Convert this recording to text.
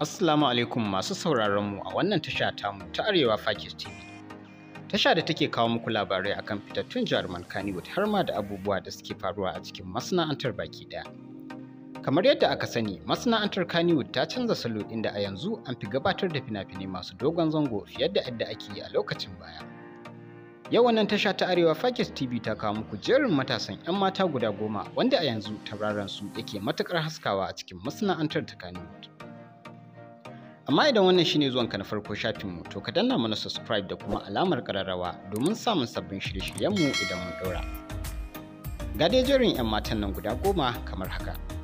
Assalamu alaikum masu sauraron mu a wannan tasha tamu ta Arewa Fakis TV. Tasha da take kawo muku labarai akan fitattun jaruman Kannywood har ma da abubuwa da suke faruwa a cikin masana'antar baki daya. Kamar yadda aka sani, masana'antar Kannywood ta canza salo inda a yanzu an fi gabatar da fina-finai masu dogon zango fiye da yadda ake yi a lokacin baya. Yau wannan tasha ta Arewa Fakis TV ta kawo muku jerin matasan 'yan mata guda goma wanda a yanzu tauraron su yake matukar haskawa a cikin masana'antar ta Kannywood. Amma idan wannan shine zuwan ka na farko shafin mu to ka danna mana subscribe da kuma alamar kararrawa domin samun sabbin shirye-shiryen mu idan mun daura. Ga jerin 'yan matan nan guda goma kamar haka.